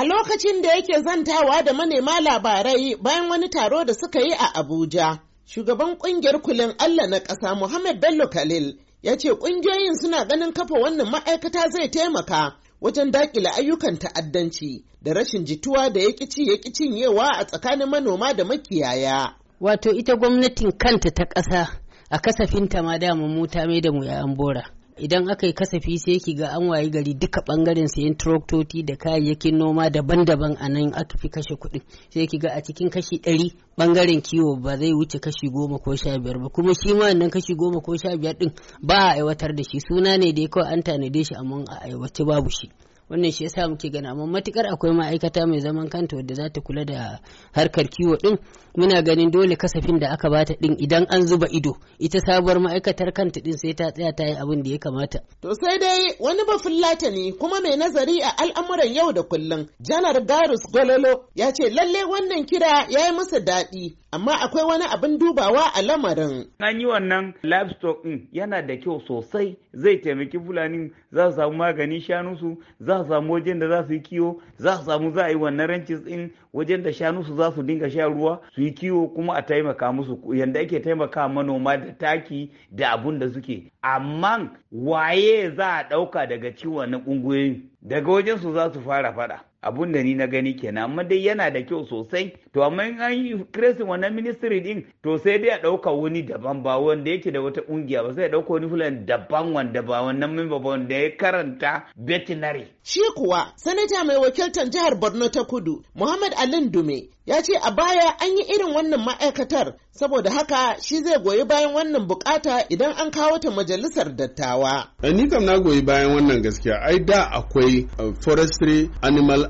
A lokacin da yake zantawa da manema labarai bayan wani taro da suka yi a Abuja, shugaban kungiyar kulin Allah na ƙasa Muhammad Bello Khalil ya ce ƙungiyoyin suna ganin kafa wannan ma'aikata zai taimaka wajen daƙile ayyukan ta'addanci da rashin jituwa da ya ƙici ya cinyewa a tsakanin manoma da makiyaya. Wato ita gwamnatin kanta ta ƙasa a kasafinta ma dama mu ta mai da mu an bora. idan aka yi kasafi sai ki ga an wayi gari duka bangaren sayan tractoci da kayayyakin noma daban-daban a nan aka fi kashe kuɗin sai ki ga a cikin kashi ɗari bangaren kiwo ba zai wuce kashi goma ko sha biyar ba kuma shi ma wannan kashi goma ko sha biyar ɗin ba a aiwatar da shi suna ne da ya kawai an tanade shi amma a aiwace babu shi. wannan shi yasa muke gani amma matukar akwai ma'aikata mai zaman kanta wadda za ta kula da harkar kiwo din muna ganin dole kasafin da aka bata din idan an zuba ido ita sabuwar ma'aikatar kanta din sai ta tsaya ta yi abin da ya kamata to sai dai wani bafullata ne kuma mai nazari a al'amuran yau da kullum janar garus gololo ya ce lalle wannan kira ya yi masa daɗi amma akwai wani abin dubawa a lamarin. An yi wannan livestock ɗin yana da kyau sosai zai taimaki fulani za su samu magani shanunsu za su samu wajen da za su yi kiwo za su samu za a yi wannan ranches ɗin wajen da shanunsu za su dinga sha ruwa su yi kiwo kuma a taimaka musu yadda ake taimaka manoma da taki da abun da suke amma waye za a ɗauka daga ciwon na ƙungiyoyin daga wajen su za su fara faɗa. abun da ni na gani kenan amma dai yana da kyau sosai to amma in an yi kresin wannan ministry din to sai dai a ɗauka wani daban ba wanda yake da wata ƙungiya ba sai a ɗauka wani fulani daban wanda ba wannan mimba ba wanda ya karanta veterinary. shi kuwa sanata mai wakiltar jihar borno ta kudu muhammad alin dume ya ce a baya an yi irin wannan ma'aikatar saboda haka shi zai goyi bayan wannan bukata idan an kawo ta majalisar dattawa. Eh, ni kam na goyi bayan wannan gaskiya ai da akwai eh, forestry animal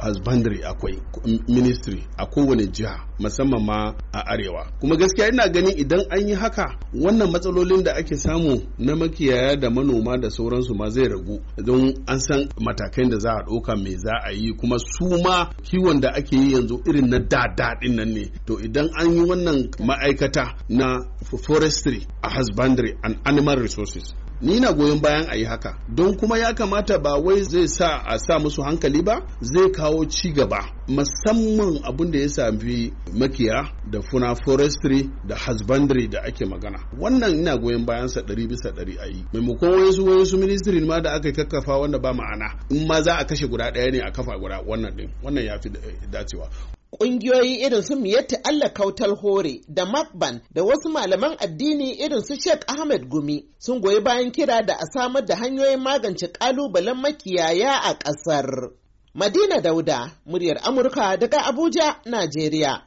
husbandry akwai ministry a kowane jiha musamman ma a arewa kuma gaskiya ina ganin idan an yi haka wannan matsalolin da ake samu na makiyaya da manoma da sauransu ma zai ragu don an san matakai da za a ɗauka mai za a yi kuma su ma kiwon da ake yi yanzu irin na dadadin nan ne to idan an yi wannan ma'aikata na forestry a husbandry and animal resources ni na goyon bayan a yi haka don kuma ya kamata ba wai zai sa a sa musu hankali ba zai kawo ci gaba musamman abin da ya sami makiya da funa forestry da husbandry da ake magana wannan ina goyon bayan sa ɗari bisa ɗari a yi maimakon wayansu su ministry ma da aka kakkafa wanda ba ma'ana in ma za a kashe guda ɗaya ne a kafa guda wannan ɗin wannan ya fi dacewa Ƙungiyoyi irin su Miyatti Allah Kautal Hore da Makban da wasu malaman addini irin su Sheikh Ahmed Gumi sun goyi bayan kira da a samar da hanyoyin magance ƙalubalen makiyaya a ƙasar. Madina Dauda, muryar Amurka daga Abuja, Najeriya.